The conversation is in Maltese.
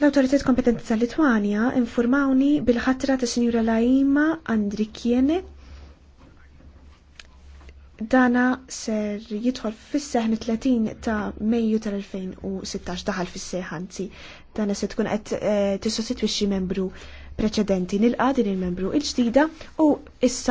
L-autoritet kompetenti tal litwania informawni bil-ħatra ta' Sinjura Laima Andrikiene dana ser jidħol fis-seħ 30 ta' Mejju tal-2016 daħal fis-seħ anzi dana se tkun qed eh, tissostitwixxi membru preċedenti nilqa' din il-membru il-ġdida u issa